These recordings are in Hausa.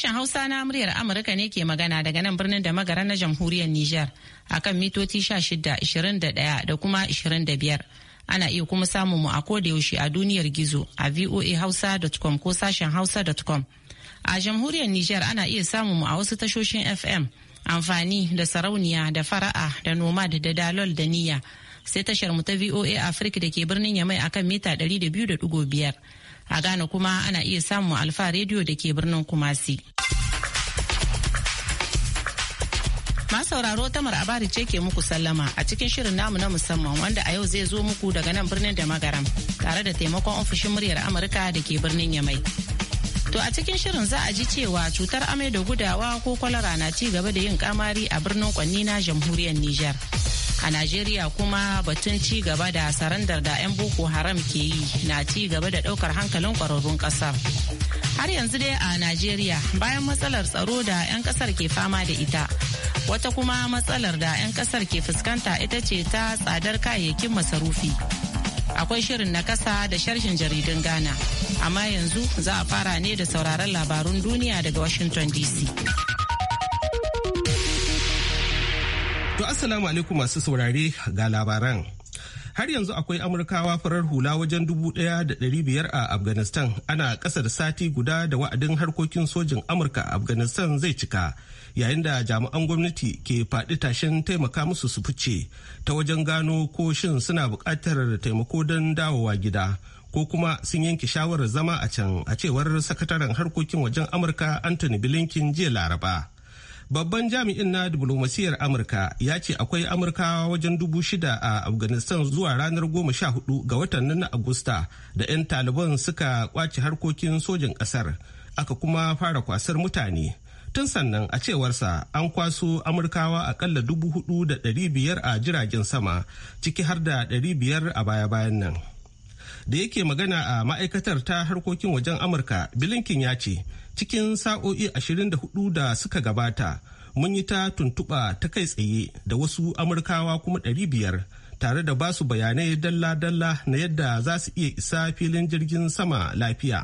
Sashen Hausa na muryar Amurka ne ke magana daga nan birnin da magara na jamhuriyar Nijar kan mitoci 16, 21 da kuma biyar Ana iya kuma samun mu a ko da yaushe a duniyar gizo a voahausa.com ko sashen hausa.com. A jamhuriyar Nijar ana iya samun mu a wasu tashoshin FM amfani da sarauniya da fara'a da nomad da dalol da niyya sai tashar mu ta VOA Africa da ke birnin Yamai akan mita 200.5. A Ghana kuma ana iya samun Alfa rediyo da ke birnin Kumasi. masauraro tamar abari ce ke muku sallama a cikin shirin namu na musamman wanda a yau zai zo muku daga nan birnin da magaram tare da taimakon ofishin muryar amurka da ke birnin yamai to a cikin shirin za a ji cewa cutar amai da gudawa ko kwalara na ci gaba da yin kamari a birnin kwanni na jamhuriyar niger a najeriya kuma batun ci gaba da sarandar da 'yan boko haram ke yi na ci gaba da daukar hankalin kwararrun kasar har yanzu dai a najeriya bayan matsalar tsaro da 'yan kasar ke fama da ita wata kuma matsalar da 'yan kasar ke fuskanta ita ce ta tsadar kayayyakin masarufi akwai shirin na kasa da sharshin jaridun ghana amma yanzu za a fara ne da sauraron labarun duniya daga washington dc Assalamu alaikum masu saurare ga labaran. Har yanzu akwai Amurkawa farar hula wajen dubu ɗaya da ɗari biyar a Afghanistan ana ƙasar sati guda da wa'adin harkokin sojin Amurka a Afghanistan zai cika yayin da jami'an gwamnati ke faɗi tashin taimaka musu su fice ta wajen gano ko shin suna buƙatar taimako don dawowa gida ko kuma sun yanke shawarar zama a can a cewar sakataren harkokin wajen Amurka Anthony Blinken jiya Laraba. babban jami'in na diplomasiyar amurka ya ce akwai amurkawa wajen dubu shida a afghanistan zuwa ranar goma sha hudu ga watan nan na agusta da 'yan taliban suka kwace harkokin sojin kasar aka kuma fara kwasar mutane tun sannan a cewarsa an kwaso amurkawa akalla dubu hudu da dari biyar a jiragen sama ciki har da dari biyar a baya-bayan nan da yake magana a ma'aikatar ta harkokin wajen amurka bilinkin ya ce cikin sa'o'i 24 da suka gabata mun yi ta tuntuɓa ta kai tsaye da wasu amurkawa kuma 500 tare da basu bayanai dalla-dalla na yadda za su iya isa filin jirgin sama lafiya.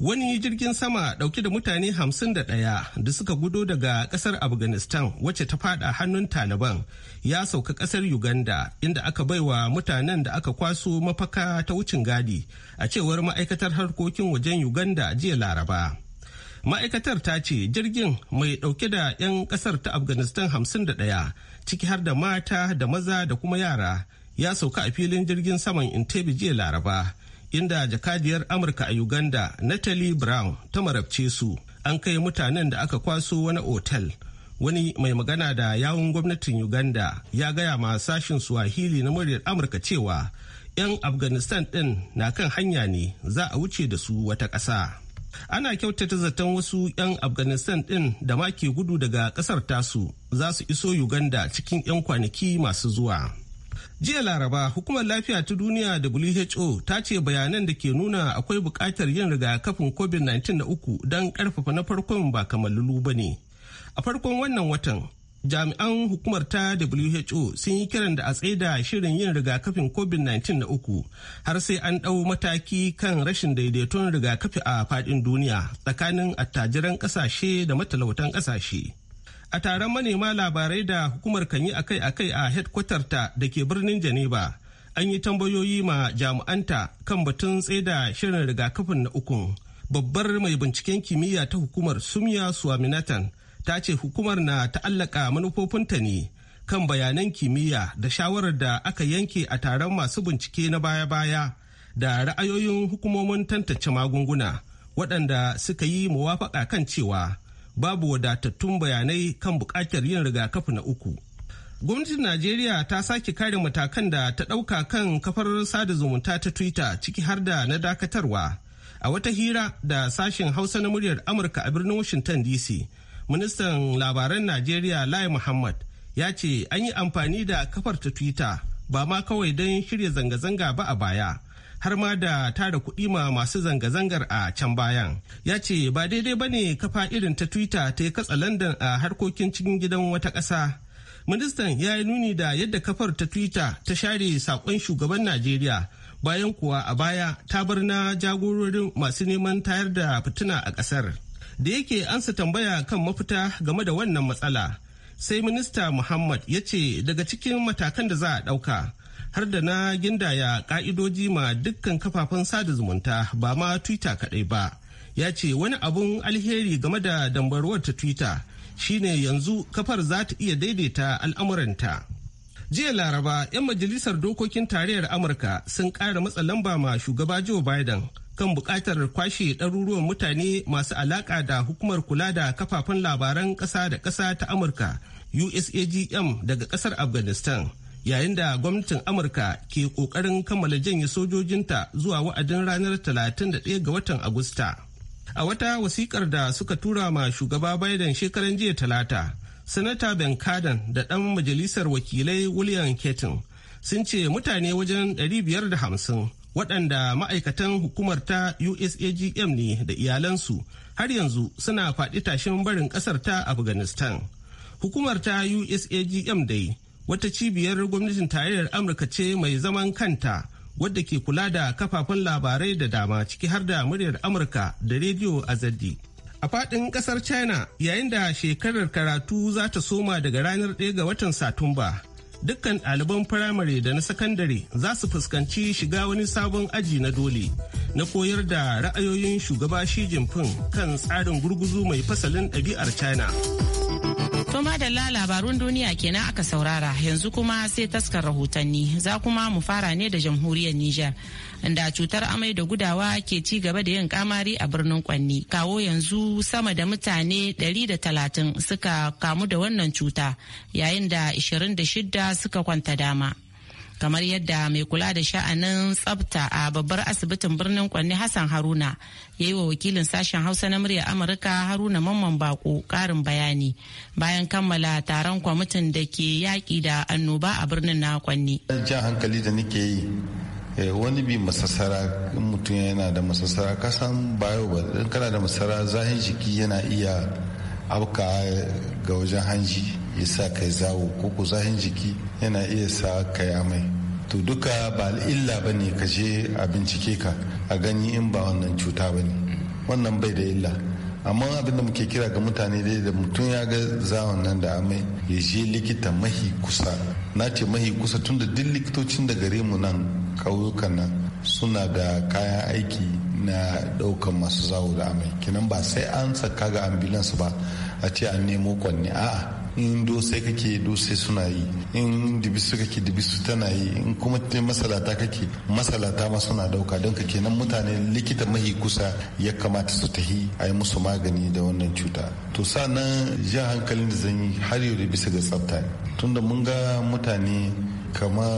wani jirgin sama dauke da mutane 51 da suka gudo daga kasar afghanistan wacce ta fada hannun taliban ya sauka kasar uganda inda aka baiwa mutanen da aka kwaso mafaka ta wucin gadi a cewar ma'aikatar harkokin wajen uganda jiya laraba ma'aikatar ta ce jirgin mai dauke da 'yan kasar ta afghanistan 51 ciki har da mata da maza da kuma yara ya sauka a filin jirgin saman intebi jiya laraba inda jakadiyar amurka a uganda natalie brown ta marabce su an kai mutanen da aka kwaso wani otal wani mai magana da yawun gwamnatin uganda ya gaya ma sashin swahili na muryar amurka cewa 'yan afghanistan din na kan hanya ne za a wuce da su wata ƙasa ana kyautata zaton wasu 'yan afghanistan din da ma ke gudu daga ƙasar tasu za su iso uganda cikin 'yan kwanaki masu zuwa jiya laraba hukumar lafiya ta duniya who ta ce bayanan da ke nuna akwai buƙatar yin rigakafin covid-19 na uku don ƙarfafa na farkon ba kamalulu ba ne a farkon wannan watan jami'an hukumar ta who sun yi kiran da a tsaida shirin yin rigakafin covid-19 na uku har sai an ɗau mataki kan rashin daidaiton rigakafi a faɗin duniya tsakanin attajiran ƙasashe da matalautan ƙasashe. a taron manema labarai da hukumar kan yi akai-akai a ta da ke birnin Geneva. An yi tambayoyi ma jami'anta kan batun tsaida shirin rigakafin na ukun. Babbar mai binciken kimiyya ta hukumar Sumya Suaminatan ta ce hukumar na ta'allaka manufofinta ne kan bayanan kimiyya da shawarar da aka yanke a taron masu bincike na baya-baya da ra'ayoyin hukumomin tantance magunguna waɗanda suka yi muwafaƙa kan cewa babu wadatattun bayanai kan bukatar yin rigakafi na uku. Gwamnatin Najeriya ta sake kare matakan da ta ɗauka kan kafar sada zumunta ta Twitter ciki har da na dakatarwa. A wata hira da sashen Hausa na muryar Amurka a birnin Washington DC, ministan labaran Najeriya Lai Muhammad ya ce an yi amfani da kafar ta Twitter ba ma kawai don shirya zanga-zanga ba a baya. har ma da tara kuɗi ma masu zanga-zangar a can bayan ya ce ba daidai ba ne kafa irin ta twitter ta yi katsa london a harkokin cikin gidan wata ƙasa ministan ya yi nuni da yadda kafar ta twitter ta share saƙon shugaban najeriya bayan kuwa a baya ta bar na jagororin masu neman tayar da fituna a ƙasar da yake ansa tambaya kan mafita game da wannan matsala sai minista muhammad ya ce daga cikin matakan da za a ɗauka har da na gindaya ka'idoji ma dukkan kafafen sada zumunta ba ma twitter kaɗai ba ya ce wani abun alheri game da dambarwar ta twitter shine yanzu kafar za ta iya daidaita al'amuranta jiya laraba 'yan majalisar dokokin tarayyar amurka sun ƙara matsa lamba ma shugaba joe biden kan buƙatar kwashe ɗaruruwan mutane masu alaƙa da hukumar kula da kafafen labaran ƙasa da ƙasa ta amurka usagm daga ƙasar afghanistan yayin da gwamnatin amurka ke kokarin kammala janye sojojinta zuwa wa'adin ranar 31 ga watan agusta a wata wasikar da suka tura ma shugaba biden shekaran jiya talata sanata ben Cardin da dan majalisar wakilai william ketin sun ce mutane wajen 550 waɗanda ma'aikatan hukumar ta usagm ne da iyalansu har yanzu suna faɗi tashin barin ƙasar ta afghanistan hukumar ta usagm dai wata cibiyar gwamnatin tarayyar amurka ce mai zaman kanta wadda ke kula da kafafen labarai da dama ciki har da muryar amurka da rediyo a azadi a fadin kasar china yayin da shekarar karatu za ta soma daga ranar 1 ga watan satumba dukkan ɗaliban firamare da na sakandare za su fuskanci shiga wani sabon aji na dole na koyar da ra'ayoyin shugaba shi jinping kan tsarin gurguzu mai fasalin ɗabi'ar china. To madalla labarun duniya kenan aka saurara yanzu kuma sai taskar rahotanni za kuma mu fara ne da jamhuriyar Nijar inda cutar amai da gudawa ke ci gaba da yin kamari a birnin Kwanni. Kawo yanzu sama da mutane 130 suka kamu da wannan cuta yayin da 26 suka kwanta dama. kamar yadda mai kula da sha'anin tsabta a babbar asibitin birnin kwanne hassan haruna ya yi wa wakilin sashen hausa na murya amurka haruna mamman bako karin bayani bayan kammala taron kwamitin da ke yaƙi da annoba a birnin na kwanne jan hankali da nake yi eh, wani bi masassara mutum yana da masassara kasan bayo ba kana da masassara zahin jiki yana iya abka ga wajen hanji ya sa kai zawo ko ku zahin jiki yana iya sa kai amai to duka ba illa ba ne ka je a bincike ka a gani in ba wannan cuta ba ne wannan bai da illa amma abinda muke kira ga mutane dai da mutum ya ga zawon nan da amai ya je likita mahi kusa na ce mahi kusa tun duk likitocin da gare mu nan ƙauyukan nan suna da kayan aiki na daukan masu zawo da amai kenan ba sai an saka ga ambulance ba a ce an nemo kwanne a'a in dosai kake dosai suna yi in dibisu kake dibisu tana yi in kuma te masalata kake masalata ma suna dauka don kake nan mutane likita mahi kusa ya kamata su tahi a yi musu magani da wannan cuta to sanan jan hankalin da zan yi har yau da bisa ga tsafta tunda mun ga mutane kama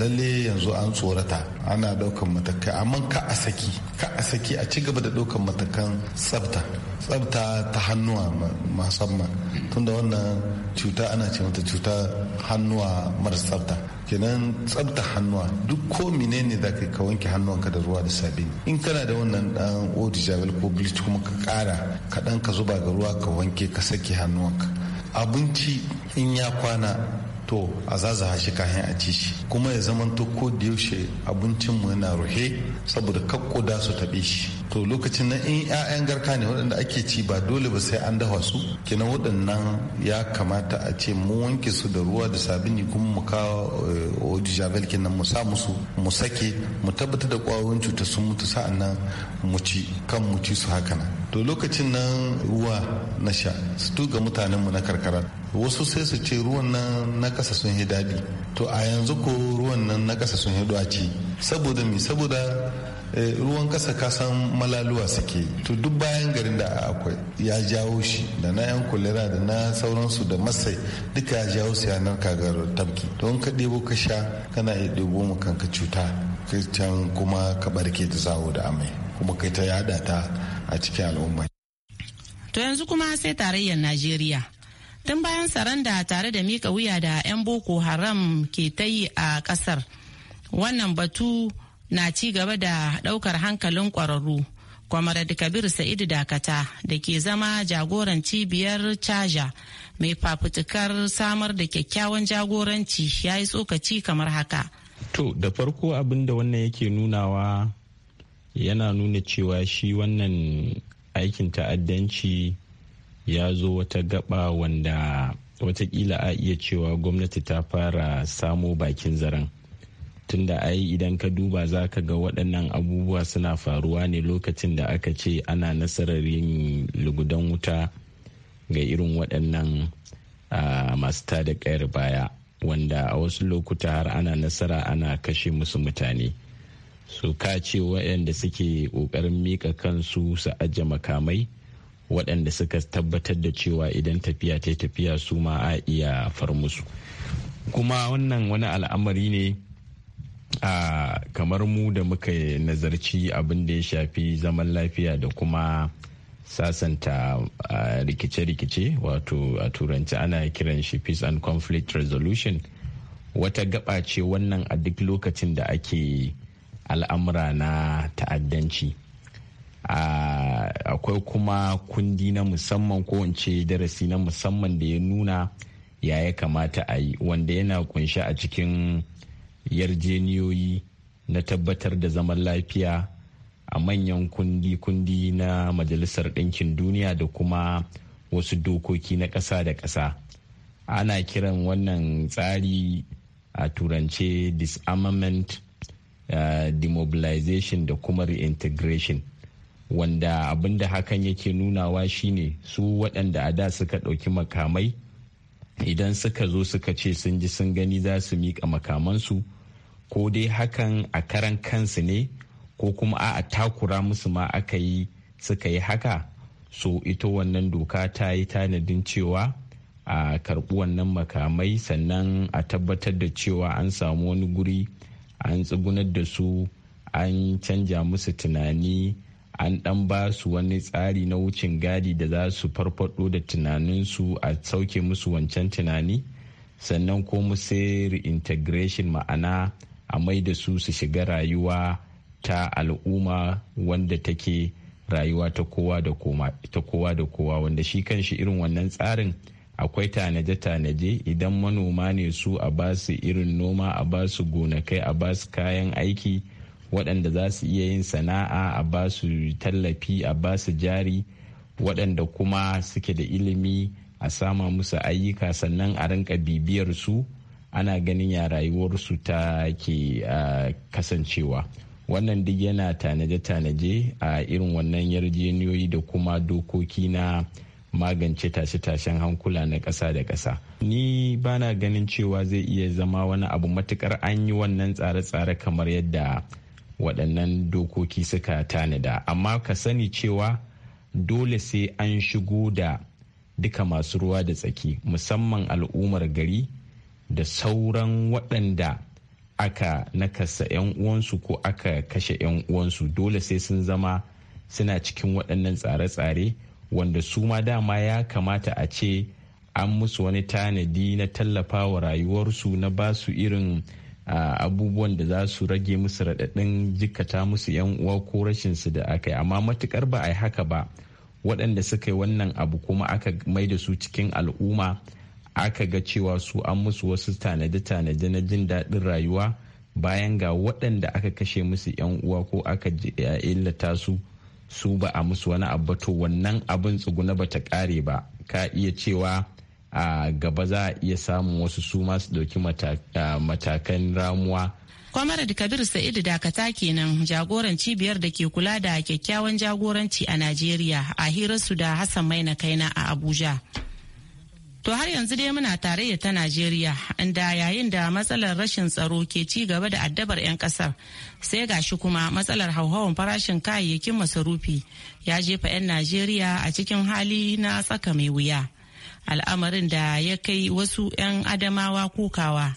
lalle yanzu an tsorata ana daukan matakai amma ka a saki ka a saki a ci gaba da daukan matakan tsafta tsafta ta hannuwa musamman tunda wannan cuta ana ce mata cuta hannuwa mara tsabta kenan tsabta hannuwa duk ko menene da ka wanke hannuwanka da ruwa da sabini in kana da wannan dan odijabel ko bleach kuma ka kara ka dan ka zuba ga ruwa ka wanke ka sake hannuwanka abinci in ya kwana to a zazaha shi kayan a ci shi kuma ya zama to ko da yaushe abincin mu yana ruhe saboda da su taɓe shi to lokacin na in 'ya'yan garka ne waɗanda ake ci ba dole ba sai an dafa su kenan waɗannan ya kamata a ce mu wanke su da ruwa da sabini kuma mu kawo oji eh, javel kenan mu sa musu mu sake mu tabbatar da ƙwayoyin cutar sun mutu sa'annan mu ci kan mu ci su haka nan to lokacin nan ruwa na sha su tuga mutanenmu na karkara wasu sai su ce ruwan nan na kasa sun yi daɗi to a yanzu ko ruwan nan na kasa sun yi ci saboda mi saboda eh, ruwan kasa kasan malaluwa suke to duk bayan garin da akwai ya jawo shi da na yan kulera da na sauransu da masai duka ya jawo su yanar kagar to don ka ɗebo ka sha kana iya ɗebo mu kanka cuta can kuma ka barke ta zawo da amai kuma kai ta yada ta a cikin al'umma to yanzu kuma sai tarayyar najeriya tun bayan saranda tare da mika wuya da 'yan boko haram ke ta yi a kasar wannan batu na ci gaba da daukar hankalin kwararru kwamarad kabir sa'idu dakata da ke zama jagoran cibiyar caja mai fafutukar samar da kyakkyawan jagoranci ya yi tsokaci kamar haka to da farko abin da wannan yake nunawa yana nuna cewa shi wannan aikin ta'addanci ya zo wata gaba wanda watakila a iya cewa gwamnati ta fara samo bakin zaren tunda ai idan ka duba za ka ga waɗannan abubuwa suna faruwa ne lokacin da aka ce ana nasarar yin lugudan wuta ga irin waɗannan masu tada ƙayar baya wanda a wasu lokuta har ana nasara ana kashe musu mutane su ka ce waɗanda suke ƙoƙarin miƙa kansu su ajiye makamai waɗanda suka tabbatar da cewa idan tafiya ta tafiya su ma a iya far musu kuma wannan wani al'amari ne a kamar mu da muka nazarci abin da ya shafi zaman lafiya da kuma sasanta rikice-rikice wato a turanci ana kiran shi peace and conflict resolution wata gaba ce wannan a duk lokacin da ake al'amura na ta'addanci akwai kuma kundi na musamman ko in darasi na musamman da ya nuna ya ya kamata a yi wanda yana kunshi a cikin yarjeniyoyi na tabbatar da zaman lafiya a manyan kundi-kundi na majalisar ɗinkin duniya da kuma wasu dokoki na ƙasa da ƙasa ana kiran wannan tsari a turance disarmament uh, demobilization da kuma reintegration wanda abinda hakan yake nunawa shine su waɗanda a da suka ɗauki makamai idan suka zo suka ce sun ji sun gani za su miƙa makamansu ko dai hakan a karan kansu ne ko kuma a takura musu ma aka yi suka yi haka so ita wannan doka ta yi tanadin cewa a karɓi wannan makamai sannan a tabbatar da cewa an samu wani guri an tsugunar da su an canja musu tunani an dan ba su wani tsari na wucin gadi da za su farfado da tunaninsu a sauke musu wancan tunani sannan ko mu sai reintegration ma'ana a mai da su su shiga rayuwa ta al'umma wanda take rayuwa ta kowa da kowa wanda shi kan shi irin wannan tsarin akwai tanaje-tanaje idan manoma ne su a basu irin noma a basu gonakai a basu kayan aiki waɗanda za su iya yin sana'a a ba su tallafi a ba su jari waɗanda kuma suke da ilimi a sama musu ayyuka sannan a rinka bibiyar su ana ganin ya rayuwarsu ta ke kasancewa wannan duk yana tanaje-tanaje a irin wannan yarjejeniyoyi da kuma dokoki na magance tashe-tashen hankula na ƙasa da ƙasa. Ni bana ganin cewa zai iya zama wani abu matukar an yi wannan tsare-tsare kamar yadda waɗannan dokoki suka tanada amma ka sani cewa dole sai an shigo da duka masu ruwa da tsaki musamman al'ummar gari da sauran waɗanda aka nakasa 'yan uwansu ko aka kashe 'yan uwansu dole sai sun zama suna cikin waɗannan tsare-tsare wanda su ma dama ya kamata a ce an musu wani tanadi na tallafa wa rayuwarsu na basu irin abubuwan da za su rage musu raɗaɗin jikata musu yan uwa ko rashin su da aka yi amma matukar ba a yi haka ba waɗanda suka yi wannan abu kuma aka mai da su cikin al'umma aka ga cewa su an musu wasu tanade-tanade na jin daɗin rayuwa bayan ga waɗanda aka kashe musu yan uwa ko aka illata su su ba a musu wani abu to wannan abin tsuguna bata ƙare ba ka iya cewa a gaba za a iya samun wasu su masu ɗauki matakan ramuwa. Kwamarar Kabir Sa'idu Dakata kenan jagoran cibiyar da ke kula da kyakkyawan jagoranci a Najeriya a hirarsu da Hassan Maina Kaina a Abuja. To har yanzu dai muna tarayya ta Najeriya, inda yayin da matsalar rashin tsaro ke ci gaba da addabar 'yan kasar, sai gashi kuma matsalar hauhawan farashin kayayyakin masarufi ya jefa 'yan Najeriya a cikin hali na tsaka mai wuya. al'amarin da ya kai wasu 'yan adamawa kokawa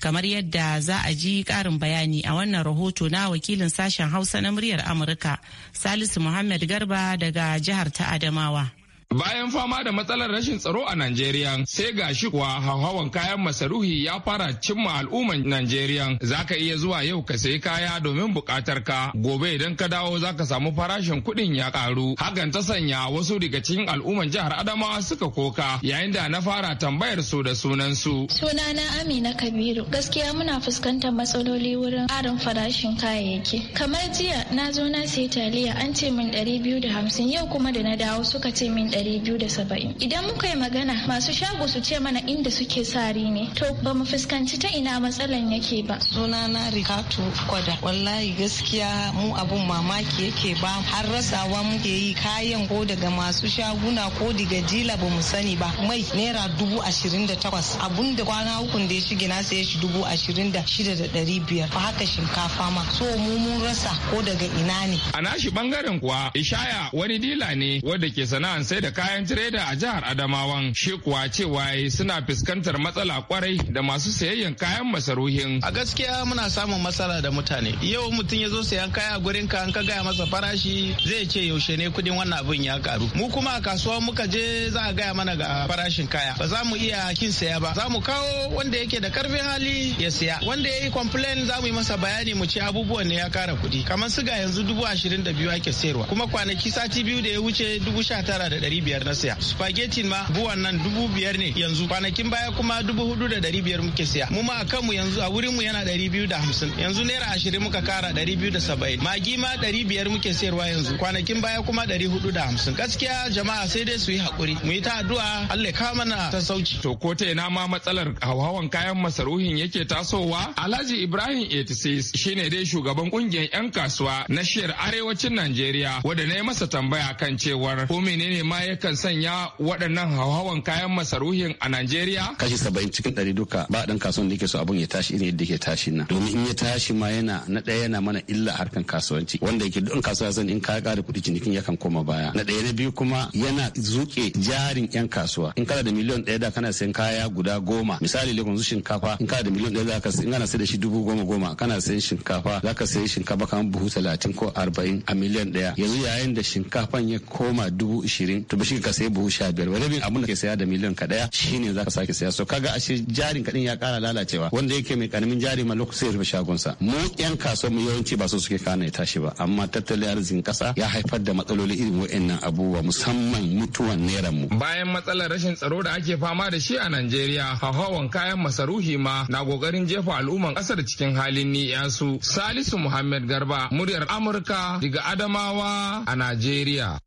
kamar yadda za a ji karin bayani a wannan rahoto na wakilin sashen hausa na muryar amurka salisu muhammad garba daga jihar ta adamawa Bayan fama da matsalar rashin tsaro a Najeriya, sai ga shi kuwa hauhawan kayan masaruhi ya fara cimma al'umman Najeriya. Za ka iya zuwa yau ka sayi kaya domin buƙatar ka, gobe idan ka dawo za ka samu farashin kuɗin ya karu Hakan ta sanya wasu daga cikin al'umman jihar Adamawa suka koka, yayin da na fara tambayar su da sunan su. Sunana Amina Kabiru, gaskiya muna fuskantar matsaloli wurin ƙarin farashin kayayyaki. Kamar jiya na zo na sayi taliya an ce min ɗari biyu da hamsin yau kuma da na dawo suka ce min 270 idan muka yi magana masu shago su ce mana inda suke sari ne to ba mu fuskanci ta ina matsalan yake ba sunana rikatu kwada wallahi gaskiya mu abun mamaki yake ba har rasawa muke yi kayan ko daga masu shaguna ko daga jila ba mu sani ba mai naira dubu ashirin da takwas abun da kwana hukun da ya shige na saye shi dubu ashirin da shida da ɗari biyar haka shinkafa ma so mu mun rasa ko daga ina ne a nashi bangaren kuwa ishaya wani dila ne wadda ke sana'an sai da da kayan tireda a jihar Adamawan shi kuwa cewa suna fuskantar matsala kwarai da masu sayayyan kayan masaruhin. A gaskiya muna samun matsala da mutane. Yau mutum ya zo sayan kaya gurin ka an ka gaya masa farashi zai ce yaushe ne kudin wannan abun ya karu. Mu kuma a kasuwa muka je za a gaya mana ga farashin kaya. Ba za mu iya kin saya ba. Za mu kawo wanda yake da karfin hali ya saya. Wanda ya yi complain za mu yi masa bayani mu ce abubuwan ne ya kara kudi. Kamar su ga yanzu dubu ashirin da biyu ake sayarwa. Kuma kwanaki sati biyu da ya wuce dubu sha tara da ɗari biyar na siya spaghetti ma buwan nan dubu biyar ne yanzu kwanakin baya kuma dubu hudu da dari biyar muke siya mu ma a kanmu yanzu a wurin mu yana dari biyu da hamsin yanzu naira ashirin muka kara dari biyu da saba'in magi ma dari biyar muke siyarwa yanzu kwanakin baya kuma dari hudu da hamsin gaskiya jama'a sai dai su yi hakuri mu yi ta addu'a Allah ya kawo mana sauki. To ko ta ina ma matsalar hauhawan kayan masaruhin yake tasowa Alhaji Ibrahim 86 shine dai shugaban kungiyar 'yan kasuwa na shiyar arewacin Najeriya wanda na yi masa tambaya kan cewar ko menene ma ya yakan sanya waɗannan hauhawan kayan masaruhin a Najeriya? Kashi saba'in cikin ɗari duka ba ɗan kasuwan da yake so abin ya tashi irin yadda yake tashi na. Domin in ya tashi ma yana na ɗaya yana mana illa harkan kasuwanci wanda yake duk kasuwa san in ka ƙara kuɗi cinikin yakan koma baya. Na ɗaya na biyu kuma yana zuke jarin 'yan kasuwa. In kana da miliyon ɗaya da kana sayan kaya guda goma misali lekun zu shinkafa in kana da miliyon ɗaya ka in kana sai da shi dubu goma goma kana sayan shinkafa za ka sayi shinkafa kamar buhu talatin ko arba'in a miliyan ɗaya yanzu yayin da shinkafan ya koma dubu ishirin bishi ka sai buhu sha biyar rabin abin da ke saya da miliyan ka daya shine za ka sake saya so kaga ashe jarin kadin ya kara lalacewa wanda yake mai karamin jari ma lokacin ya rufe shagonsa mu yan kasuwa mu yawanci ba su suke kana ya tashi ba amma tattalin arzikin kasa ya haifar da matsaloli irin wa'annan abubuwa musamman mutuwan naira mu bayan matsalar rashin tsaro da ake fama da shi a Najeriya hawan kayan masaruhi ma na kokarin jefa al'umman kasar cikin halin su Salisu Muhammad Garba muryar Amurka daga Adamawa a Najeriya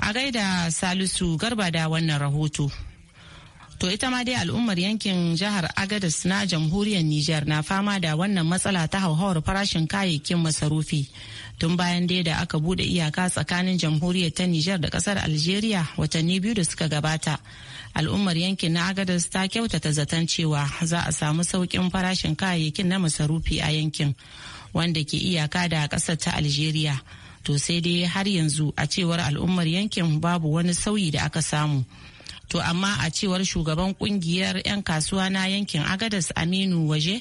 A gaida Salisu Garba da wannan rahoto. To ita ma dai al'ummar yankin jihar agadis na jamhuriyar niger na fama da wannan matsala ta hauhawar farashin kayayyakin masarufi. Tun bayan dai da aka bude iyaka tsakanin jamhuriyar ta niger da kasar Algeria watanni biyu da suka gabata. Al'ummar yankin na agadis ta kyautata zaton cewa za a samu saukin farashin kayayyakin na masarufi a yankin wanda ke iyaka da ƙasar ta Algeria. to sai dai har yanzu a cewar al'ummar yankin babu wani sauyi da aka samu to amma a cewar shugaban kungiyar 'yan kasuwa na yankin agadas aminu waje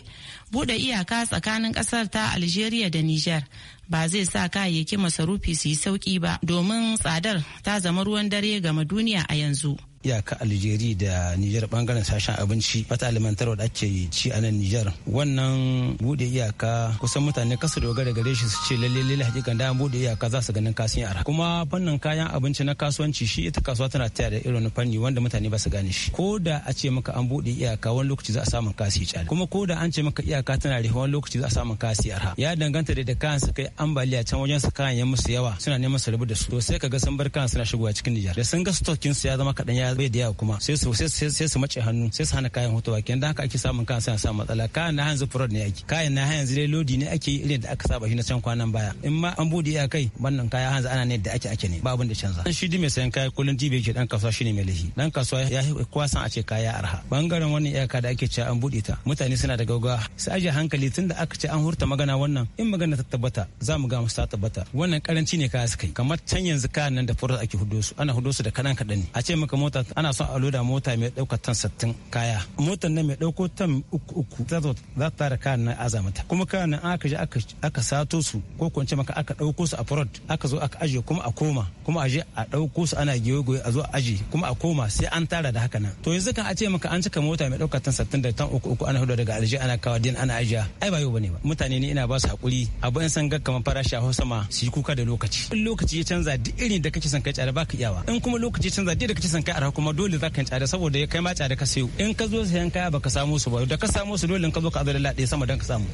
bude iyaka tsakanin kasar ta algeria da niger ba zai sa kayayyaki masarufi su yi sauki ba domin tsadar ta zama ruwan dare game duniya a yanzu iyaka aljeri da nijar bangaren sashen abinci fata alimantarwa da ake ci a nan nijar wannan bude iyaka kusan mutane kasu dogara gare shi su ce lalle lalle hakika da bude iyaka za su ganin kasin arha kuma fannin kayan abinci na kasuwanci shi ita kasuwa tana taya da irin fanni wanda mutane ba su gane shi ko da a ce maka an bude iyaka wani lokaci za a samu kasi tsari kuma ko da an ce maka iyaka tana rihe wani lokaci za a samu kasi arha ya danganta da kayan su kai ambaliya can wajen su kayan ya musu yawa suna neman su rubu da su to sai ka ga sun bar kayan suna shigowa cikin niger da sun ga stokin su ya zama kaɗan ya bai da yawa kuma sai su sai su mace hannu sai su hana kayan hutuwa kenan da haka ake samun kayan sai samu matsala kayan na yanzu fraud ne ake kayan na yanzu dai lodi ne ake yi irin da aka saba shi na can kwanan baya in ma an bude ya kai wannan kaya hanzu ana ne da ake ake ne babu da canza shi dai mai sayan kaya kullun dibe yake dan kasuwa shine mai lahi dan kasuwa ya kowa san a ce kaya arha bangaren wannan iyaka da ake cewa an bude ta mutane suna da gaugawa sai aje hankali tunda aka ce an hurta magana wannan in magana ta tabbata za mu ga musu tabbata wannan karanci ne kaya suka yi kamar can yanzu kayan nan da furar ake hudo su ana hudo su da kadan kadan ne a ce maka mota mota ana son a loda mota mai ɗaukar tan sattin kaya motar nan mai ɗauko tan uku uku za ta tara kayan nan aza kuma kayan nan aka je aka sato su ko kwance maka aka ɗauko su a prod aka zo aka ajiye kuma a koma kuma aje a ɗauko su ana goye a zo a ajiye kuma a koma sai an tara da haka nan to yanzu kan a ce maka an cika mota mai ɗaukar tan sattin da tan uku uku ana hudu daga aljihu ana kawo din ana ajiya ai ba yau bane ba mutane ne ina ba su hakuri a bayan san ga kamar farashi a sama su yi kuka da lokaci in lokaci ya canza duk irin da kake son kai tsara baka iyawa in kuma lokaci ya canza duk da kake son kai tsada kuma dole za ka tsada saboda kai ma tsada ka sayo in ka zo sayan kaya baka samu su ba da ka samu su dole in ka zo ka azalla lade sama dan ka samu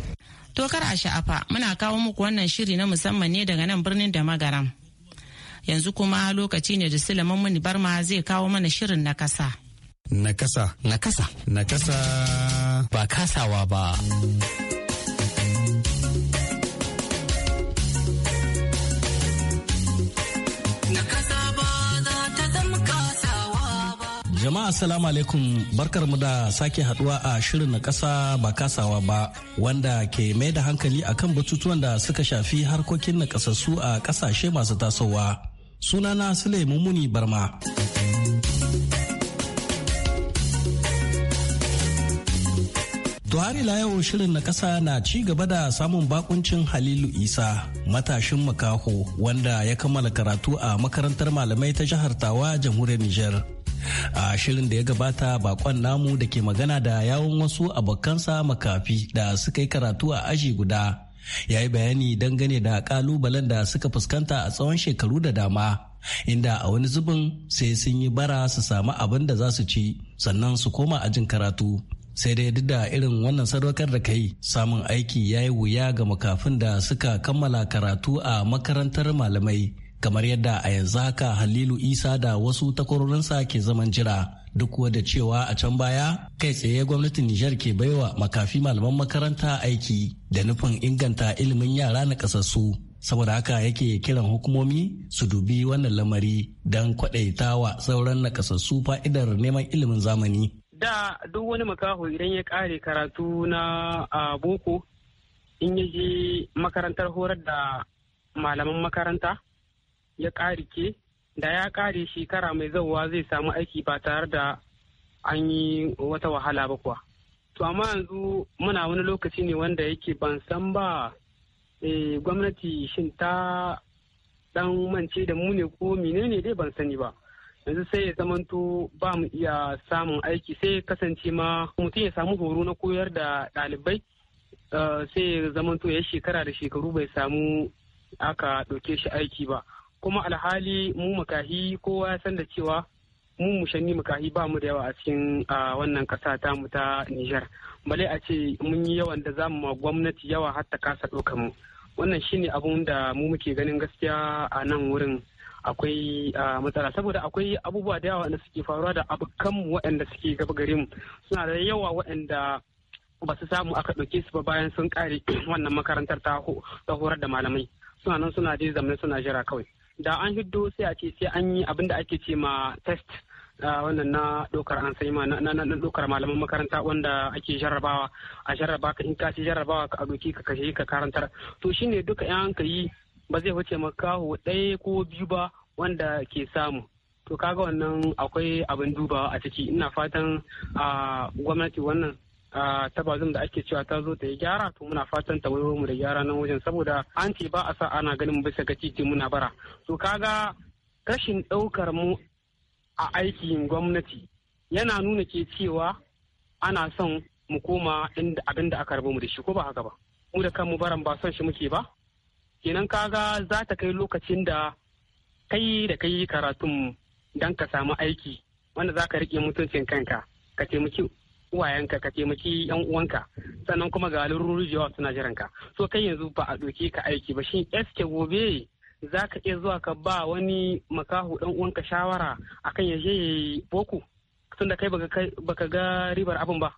to kar a sha'afa muna kawo muku wannan shiri na musamman ne daga nan birnin da magaram yanzu kuma lokaci ne da sulaiman muni barma zai kawo mana shirin na kasa na kasa na kasa na kasa ba kasawa ba Jama'a salamu alaikum barkar mu da sake haduwa a shirin na kasa ba kasawa ba wanda ke mai da hankali akan batutuwan da suka shafi harkokin na a kasashe masu tasowa. Sunana Sule Mumuni Barma. Tuhari la yau shirin na kasa na ci gaba da samun bakuncin Halilu Isa matashin makaho wanda ya kammala karatu a makarantar malamai ta jihar Tawa jamhuriyar Nijar. a shirin da ya gabata bakon namu da ke magana da yawon wasu abokansa makafi da suka yi karatu a aji guda ya yi bayani dangane da kalubalen da suka fuskanta a tsawon shekaru da dama inda a wani zubin sai sun yi bara su samu abin da za su ci sannan su koma ajin karatu sai dai duk da irin wannan sadaukar da kai samun aiki ya yi wuya ga makafin da suka kammala karatu a makarantar malamai kamar yadda a yanzu haka halilu isa da wasu takwarorinsa ke zaman jira duk wadda cewa a can baya kai tsaye gwamnatin nijar ke baiwa makafi malaman makaranta aiki da nufin inganta ilimin yara na kasassu saboda haka yake kiran hukumomi su dubi wannan lamari don kwadaitawa sauran na kasassu fa'idar neman ilimin zamani da duk wani makaho idan ya kare karatu na boko in ya je makarantar horar da malaman makaranta ya ƙarike da ya ƙare shekara mai zauwa zai samu aiki ba tare da an yi wata wahala ba kuwa. To amma yanzu muna wani lokaci ne wanda yake ban san ba eh, gwamnati shin ta dan mance da mu ne ko menene dai ban sani ba. Yanzu sai ya zamanto ba mu iya samun aiki sai kasance ma mutum ya samu horo na koyar da ɗalibai eh, sai ya zamanto ya shekara da shekaru bai samu aka ɗauke shi aiki ba. kuma alhali mu makahi kowa ya san da cewa mu mushanni makahi ba mu da yawa a cikin wannan kasa ta mu ta Nijar bale a ce mun yi yawan da za ma gwamnati yawa har ta kasa ɗaukar mu wannan shine abun da mu muke ganin gaskiya a nan wurin akwai matsala saboda akwai abubuwa da yawa da suke faruwa da abokanmu waɗanda suke gaba gare mu suna da yawa waɗanda ba su samu aka ɗauke su ba bayan sun ƙare wannan makarantar ta horar da malamai suna nan suna dai zamani suna jira kawai da an hiddo sai a ce sai an yi abin da ake ce ma test wannan na dokar an sai na na dokar malaman makaranta wanda ake jarrabawa a jarraba ka in ka ci jarrabawa ka aboki ka kashe ka karantar to shine duka yan ka yi ba zai wuce makaho ɗaya ko biyu ba wanda ke samu to kaga wannan akwai abin dubawa a ciki ina fatan a gwamnati wannan ta bazum da ake cewa ta zo ta yi gyara to muna fatan ta wayo mu da gyara nan wajen saboda an ce ba a sa ana ganin bisa ga titi muna bara to kaga rashin ɗaukar mu a aikin gwamnati yana nuna ke cewa ana son mu koma inda abin da aka rabu mu da shi ko ba haka ba mu da kanmu baran ba son shi muke ba kenan kaga za ta kai lokacin da kai da kai karatun dan ka samu aiki wanda za ka riƙe mutuncin kanka ka taimaki uwayenka ka taimaki yan uwanka sannan kuma ga larurori da suna jiranka so kai yanzu ba a ɗauke ka aiki ba shin eske gobe za ka iya zuwa ka ba wani makahu dan uwanka shawara akan ya je boko tun da kai baka ga ribar abin ba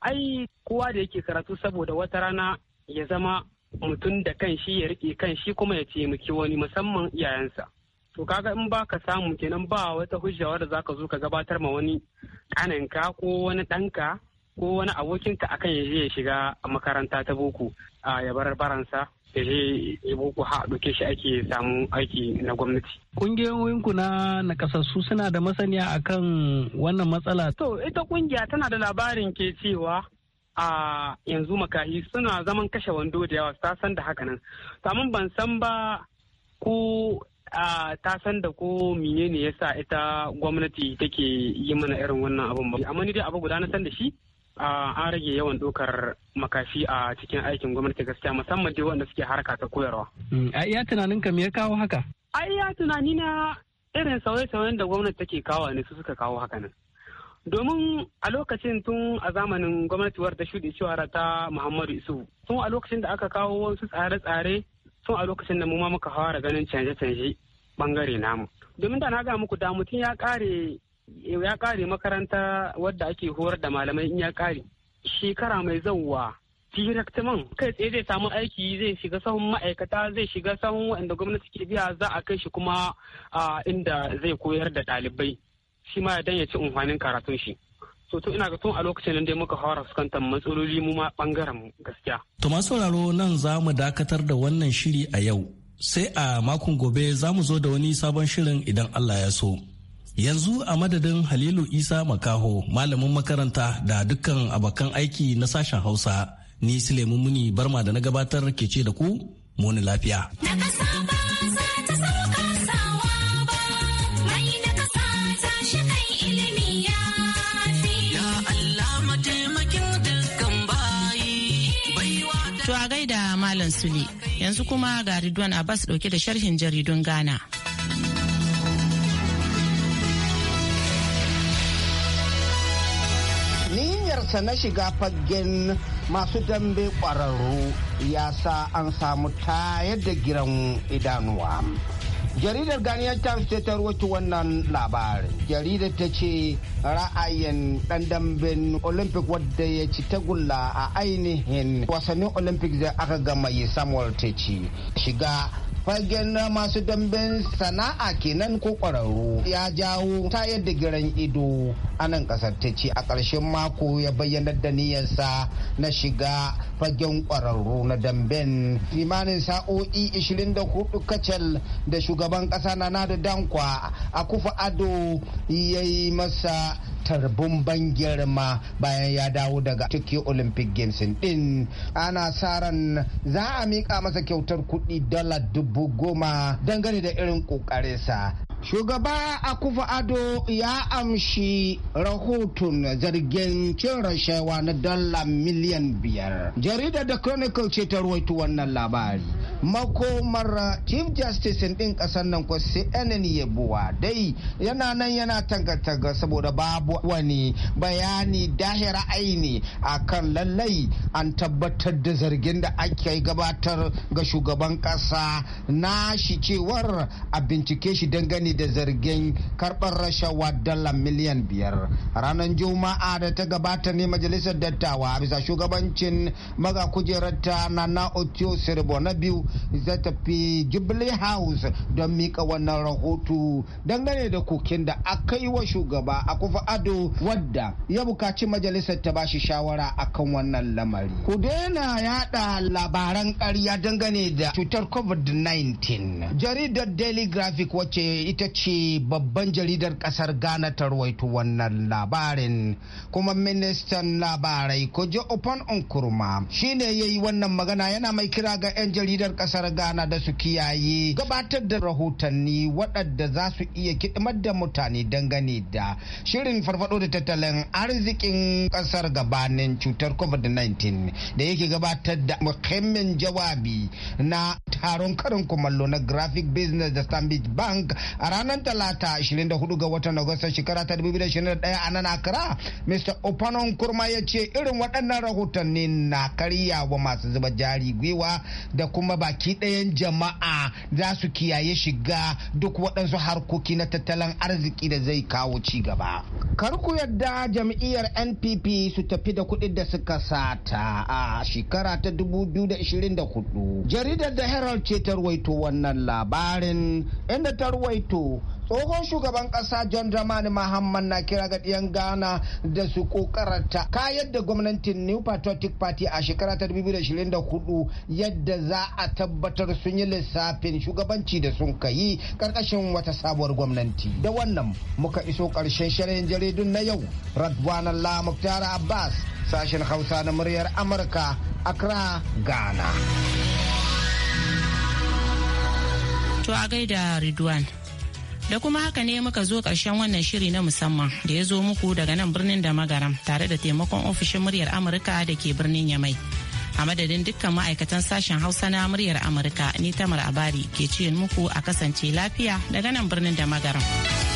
ai kowa da yake karatu saboda wata rana ya zama mutum da kan shi ya rike kan shi kuma ya taimaki wani musamman iyayensa to kaga in ba ka samu kenan ba wata hujja wadda za ka zo ka gabatar ma wani kananka ko wani ɗanka ko wani abokinka akan ya je ya shiga makaranta ta boko a ya bar baransa ya je ya boko ha ɗauke shi ake samu aiki na gwamnati. Ƙungiyoyinku na nakasassu suna da masaniya akan wannan matsala. To ita ƙungiya tana da labarin ke cewa a yanzu makahi suna zaman kashe wando da yawa ta san da haka nan. Samun ban san ba ko ta san da ko menene yasa ita gwamnati take yi mana irin wannan abin ba amma ni dai abu guda na san da shi an rage yawan ɗaukar makafi a cikin aikin gwamnati gaskiya musamman dai wanda suke harka ta koyarwa. Mm, a iya tunanin ka me ya kawo haka? A iya tunani na irin sauye-sauyen da gwamnati take kawo ne su suka kawo haka nan. Domin a lokacin tun a zamanin gwamnati war ta shuɗe cewa ta Muhammadu Isu. Tun a lokacin da aka kawo wasu tsare-tsare sun a lokacin da mu ma muka fara ganin canje-canje bangare namu domin da na ga muku da mutum ya kare ya kare makaranta wadda ake horar da malamai in ya kare shekara mai zauwa directman kai tsaye zai samu aiki zai shiga sahun ma'aikata zai shiga sahun wanda gwamnati ke biya za a kai shi kuma a inda zai koyar da ɗalibai shi ma dan ya ci umfanin karatun shi to tun ina ga tun a lokacin nan muka fara fuskantar matsaloli mu ma bangaren gaskiya to masu sauraro nan za mu dakatar da wannan shiri a yau sai a makon gobe za mu zo da wani sabon shirin idan Allah ya so yanzu a madadin halilu isa makaho malamin makaranta da dukkan abokan aiki na sashen hausa ni Suleiman Muni Barma da na gabatar ke ce da ku muni lafiya. Malam Sule. Yanzu kuma ga Ridwan Abbas dauke da sharhin jaridun Ghana. Niyyarsa na shiga fagen masu dambe kwararru ya sa an samu tayar da giran idanuwa. jaridar Ghanaian Times ta tarwato wannan labarin. Jaridar ta ce ra'ayin ɗan damben Olympic wadda ya ci tagulla a ainihin wasannin Olympic da aka gama yi Samuel ta ci shiga fagen na masu damben sana'a kenan ko kwararru ya jawo ta yadda giran ido a nan kasar ta ce a ƙarshen mako ya bayyana da niyyarsa na shiga fagen kwararru na damben imanin sa'o'i 24 kacal da shugaban ƙasa na nada dankwa a kufa ado ya yi masa tarbin ban girma bayan ya dawo daga tokyo olympic games din ana sa ran za a miƙa masa kyautar kuɗi dala dubu dubu goma dangane da irin ƙoƙarinsa. Shugaba Akufa Ado ya amshi rahoton zargin cin rashawa na dala miliyan biyar. Jaridar da Chronicle ce ta ruwaito wannan labari. makomar chief justice ɗin ƙasar nan ko cnn yabuwa dai yana nan yana ga saboda babu wani bayani dahira aini akan lallai an tabbatar da zargin da ake gabatar ga shugaban ƙasa na shi cewar a bincike shi dangane da zargin karɓar rashawa dala miliyan biyar ranar juma'a da ta gabata ne majalisar dattawa bisa shugabancin maga kujerarta na na otio sirbo na biyu za ta fi jubilee house don mika wannan rahoto dangane da kokin da aka yi wa shugaba a kufa ado wadda ya bukaci majalisar ta bashi shawara akan wannan lamari ku daina yada labaran karya dangane da cutar covid-19 jaridar daily graphic wacce ita ce babban jaridar kasar ghana ta rawaito wannan labarin kuma ministan labarai kojo upon kurma shine ya yi wannan magana yana mai kira ga 'yan jaridar kasar ghana da su kiyaye gabatar da rahotanni waɗanda za su iya kidimar da mutane dangane da shirin farfado da tattalin arzikin kasar gabanin cutar covid-19 da yake gabatar da muhimmin jawabi na taron karin kumallo na graphic business da stanbic bank a ranar talata 24 ga watan agusta shekara ta 2021 a nan akra mr opanon kurma ya ce irin waɗannan rahotanni na karyawa masu zuba jari gwiwa da kuma ba baki ɗayan jama'a za su kiyaye shiga duk waɗansu harkoki na tattalin arziki da zai kawo ci gaba. Kar ku yadda jam'iyyar NPP su tafi da kuɗin da suka sata a shekara ta 2024. Jaridar da Herald ce ta ruwaito wannan labarin inda ta ruwaito tsohon shugaban kasa john dramani mahamman na kira ga diyan ghana da su kokarata kayan da gwamnatin new patriotic party a shekara ta 2024 yadda za a tabbatar sun yi lissafin shugabanci da sun kayi karkashin wata sabuwar gwamnati da wannan muka iso karshen shirin jaridun na yau radwanan lamuktara abbas sashen hausa na muryar amurka accra ghana to a gaida ridwan Da kuma haka ne muka zo karshen wannan shiri na musamman da ya zo muku daga nan birnin da magaram tare da taimakon ofishin muryar Amurka da ke birnin Yamai. A madadin dukkan ma'aikatan sashen Hausa na muryar Amurka ni Tamar Abari ke ce muku a kasance lafiya daga nan birnin da magaram.